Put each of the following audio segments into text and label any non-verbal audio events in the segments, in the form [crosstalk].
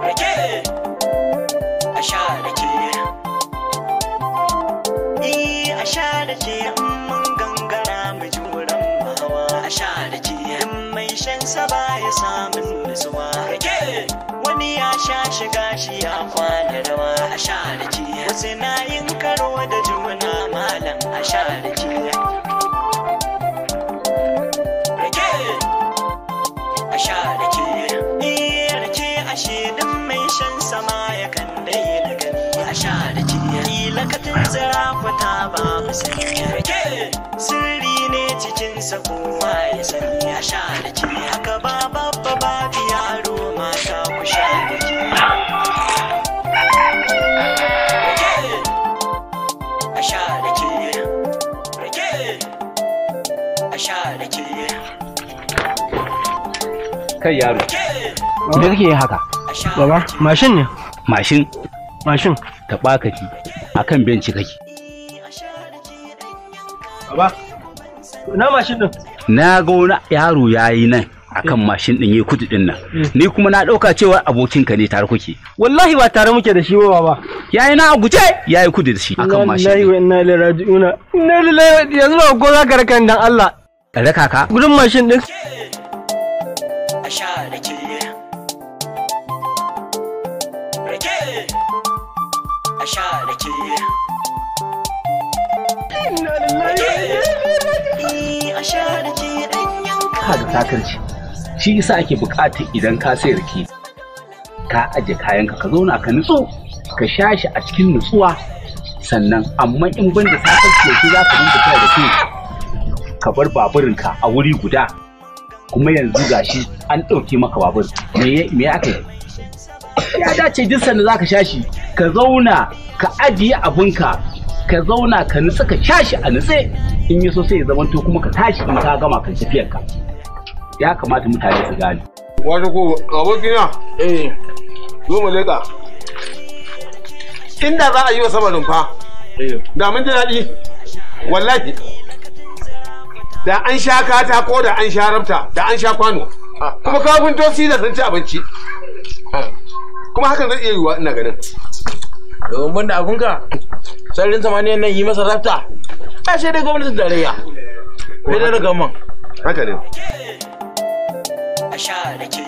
Rake, a sha rake. Eh, a sha rake, mun gangara mu ji wurin mahawa. A sha rake, in mai shan sa ya samun nutsuwa. Rake, wani ya sha shiga shi ya kwana rawa. A sha rake, wasu na yin karo da juna malam a sha rake. a sha rake eh rake ashe dan mai shan sama ya kan dai da gani a sha rake kila ka tunzura fata ba mu sani rake sirri ne cikin sa kowa ya sani a sha rake haka ba babba ba yaro mata ku sha rake kai yaro me kake yi haka baba mashin ne mashin mashin ta baka ki akan benci kake baba na mashin din na ga wani yaro yayi nan akan eh. mashin din yayi kudu din nan eh. ni kuma na dauka cewa abokinka ne tare kuke wallahi ba tare muke da shi ba baba yayi na guje yayi kudu da shi akan mashin wallahi wa inna ilaihi raji'una inna lillahi yanzu ba ko za ka rakan dan Allah raka ka gudun mashin din sha rake rake a sha rake ka ga takarci shi yasa ake bukatar idan ka sai rike ka aje kayanka ka zauna ka nutso ka sha shi a cikin nutsuwa sannan amma in banda da ya shi za ka rinka kai ka bar baburinka a wuri guda kuma yanzu gashi an ɗauke maka babur me ya aka yi ya dace duk sanda zaka sha shi ka zauna ka ajiye abinka ka zauna ka nutsa ka sha shi a nutse in yi so sai ya zamanto kuma ka tashi in ka gama kan tafiyarka ya kamata mutane su gane wato ko abokina eh zo mu leka inda za a yi wa sama rumfa eh. da mun ji daɗi wallahi da an sha katako da an sha rabta da an sha kwano ah. kuma kafin tosi da sun ci abinci ah. kuma hakan zai iya yiwuwa ina ganin domin banda abinka sararin samaniyan nan yi masa rabta a shaida dai gwamnatin tarayya bai da daga man haka ne a sha da ke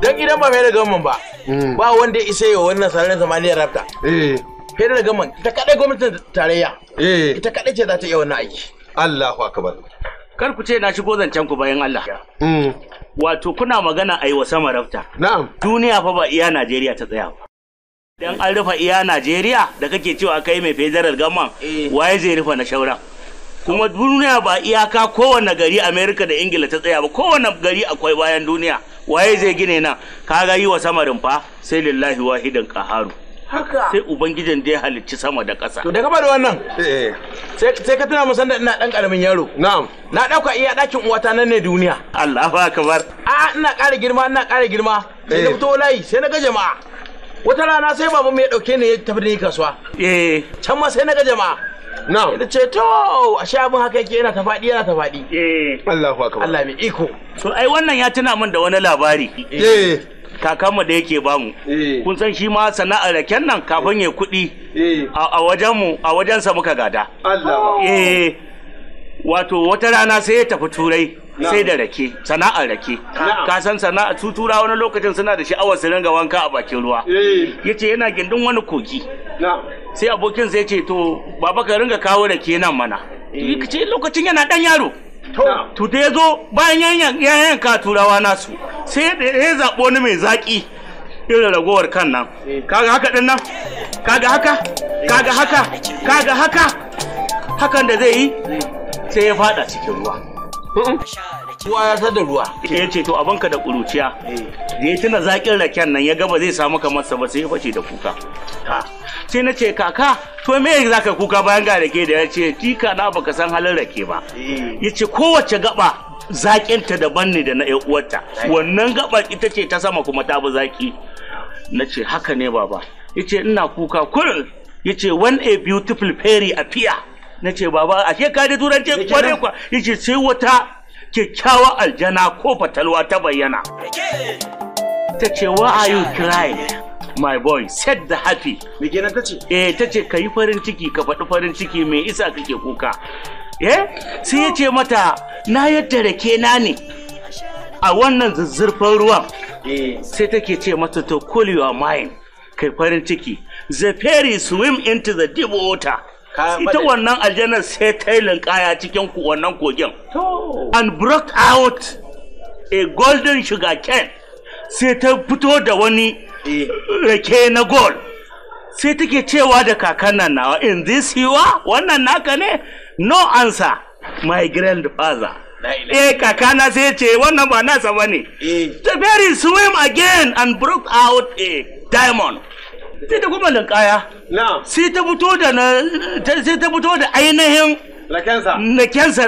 don idan ba mai da gwamnatin ba hmm. ba wanda ya isa yi wannan sararin samaniyan rabta eh fere da gaman ita kadai gwamnatin tarayya eh. ita kaɗai ce za ta iya wannan aiki Allahu akbar. Kar ku ce na shigo zancen ku bayan Allah. Hmm. Wato kuna magana a yi wa sama rafta. Na'am. Duniya fa ba iya Najeriya ta tsaya ba. Dan an rufa iya Najeriya da kake cewa kai mai federal gaman, eh. waye zai rufa na shauran. kuma duniya ba iyaka kowane gari amerika da ingila ta tsaya ba kowane gari akwai bayan duniya waye zai gine nan kaga yi wa samarin fa sai lillahi wahidin kaharu sai ubangijin da ya halicci sama da ƙasa to da da wannan eh. sai ka tuna musan da ina dan karamin yaro na'am na dauka iya dakin uwata nan ne duniya Allahu akbar a ina ƙara girma ina ƙara girma sai na eh. fito layi sai na ga jama'a wata rana sai baban mai ya dauke ni ya tafi da ni kasuwa eh can ma sai na ga jama'a Na'am. ina ce to sha abin haka yake yana ta faɗi yana ta faɗi. Eh. Allahu akbar. Allah mai iko. To ai wannan ya tuna min da wani labari. Eh. kakanmu da yake bamu eh. kun san shi ma sana'ar raken nan kafin ya kuɗi eh. a wajenmu a wajensa muka gada eh wato wata rana sai ya tafi turai sai da rake sana'ar rake ka san sana'a su tura wani lokacin suna da sha'awar su ringa wanka a bakin ruwa eh. yace yana gindin wani kogi sai abokin sai ce to baba ka ringa kawo rake nan mana ce lokacin yana dan yaro to da ya zo bayan yayan ka turawa nasu sai da ya zaɓi wani mai zaƙi irin ragowar kan nan kaga haka ɗin nan kaga haka kaga haka kaga haka hakan da zai yi sai ya faɗa cikin ruwa ruwa ya sa da ruwa ya ce to da ƙuruciya da ya tuna zaƙin raken nan ya gaba zai samu kamar sa ba sai ya fashe da kuka sai na ce kaka to me za ka kuka bayan ga rake da ya ce tika na baka san halin rake ba ya ce kowace gaba zaƙinta daban ne da na uwarta wannan gabar ita ce ta sama kuma ta bi zaƙi na ce haka ne baba yace ina kuka kurin yace when a beautiful fairy appear na ce baba ashe ka da turanci kware kwa yace sai wata kyakkyawa aljana ko fatalwa ta bayyana ta ce wa are you crying my boy said the happy me kenan ce eh ce kai farin ciki ka faɗi farin ciki me isa kake kuka Eh? sai ya ce mata na yadda rake na ne a wannan zuzzurfan ruwan eh. sai take ce mata to cool your mind kai farin ciki the fairy swim into the deep water ita wannan aljanar sai ta yi linkaya cikin wannan kogin and brought out a golden sugar cane sai ta fito da wani eh. rake na gold sai take cewa da kakan nan nawa in this you are wannan naka ne no answer my grandfather eh kakana sai ce wannan ba nasa ba ne eh. the very swim again and broke out a diamond sai ta kuma linkaya sai ta fito da na sai da ainihin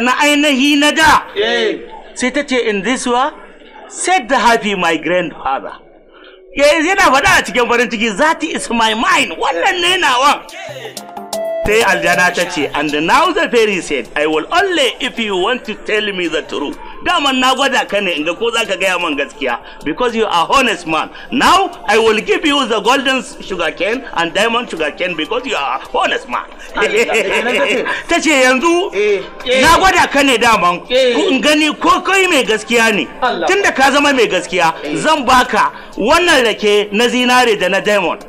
na ainihi na da eh. sai ta ce in this wa said the happy my grandfather eh, yana faɗa a cikin farin ciki that is my mind wannan ne nawa Sai aljana ta ce, and now the fairy said, I will only if you want to tell me the truth. Daman na gwada ka ne in ga ko za ka gaya man gaskiya because you are honest man. Now I will give you the golden sugar cane and diamond sugar cane because you are honest man. [laughs] Ta ce yanzu eh. na gwada ka ne daman eh. in gani ko kai mai gaskiya ne. Tunda ka zama mai gaskiya eh. zan baka wannan rake na zinare da na diamond.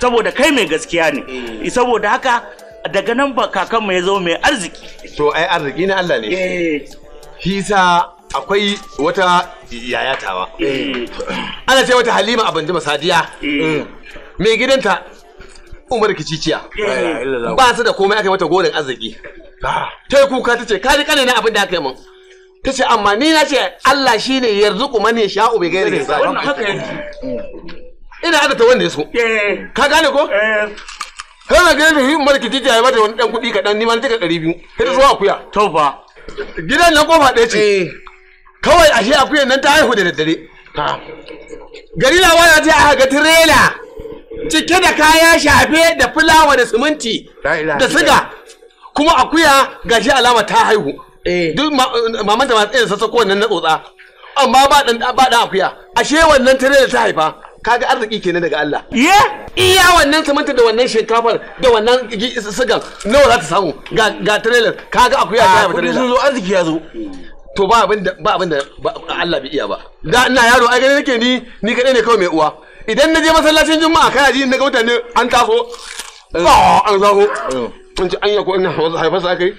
saboda kai mai gaskiya ne eh. saboda haka daga nan ba kakan mai zo mai arziki to ai arziki na Allah ne eh. hisa akwai wata yayatawa eh. ana ce wata halima abin jima sadiya mm. mai gidanta umar kiciciya ba su da komai aka yi mata gorin arziki ah. ta yi kuka ta ce ka ji kanina abin da aka yi min ta ce amma ni na ce Allah shine yarzuku ne yasha'u bi ghairi hisab ina adata wanda ya so eh. ka gane ko eh. kana gane da himmar mulki titi ya bata wani dan kuɗi kaɗan ni ma ɗari biyu sai ta zo akuya eh. to fa gidan nan kofa ɗaya ce kawai ashe akuyan nan ta haihu da daddare gari wani ta aka ga tirela cike da kaya shafe da fulawa da siminti da siga kuma akuya gashi alama ta haihu duk mamanta ma tsaye sassa kowannen na tsotsa amma ba dan akuya ashe wannan tirela ta haifa kaga arziki kenan daga Allah ye iya wannan samanta da wannan shinkafar da wannan sigar nawa za ta samu ga ga trailer kaga akwai ya ga trailer zo arziki ya zo to ba abin da ba abin da Allah bai iya ba da ina yaro ai gani nake ni ni kadai ne kawai mai uwa idan na je masallacin juma'a kana na daga mutane an taso eh. an zaho in eh. ci anya ko ina wasu haifa sa kai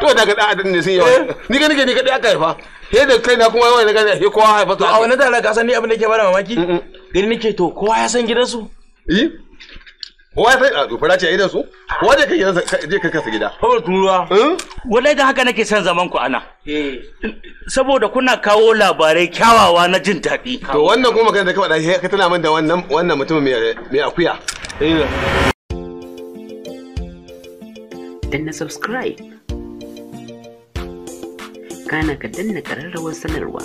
to daga da adan ne sun yawa eh. ni ga nake ni kadai aka haifa he da kai na kuma wani gane he kowa haifa to a wani da ka san ni abin da ke bada mamaki gani nake to kowa ya san gidansu eh kowa ya san a dufara ce gidan su kowa je kai gidansa je kai kansa gida kawai turuwa eh? wallahi da haka nake son zaman ku ana eh. saboda kuna kawo labarai kyawawa na jin daɗi to wannan kuma magana da ka faɗa ka tana min da wannan wannan mutumin mai akuya eh. danna subscribe kana ka danna ƙararrawar sanarwa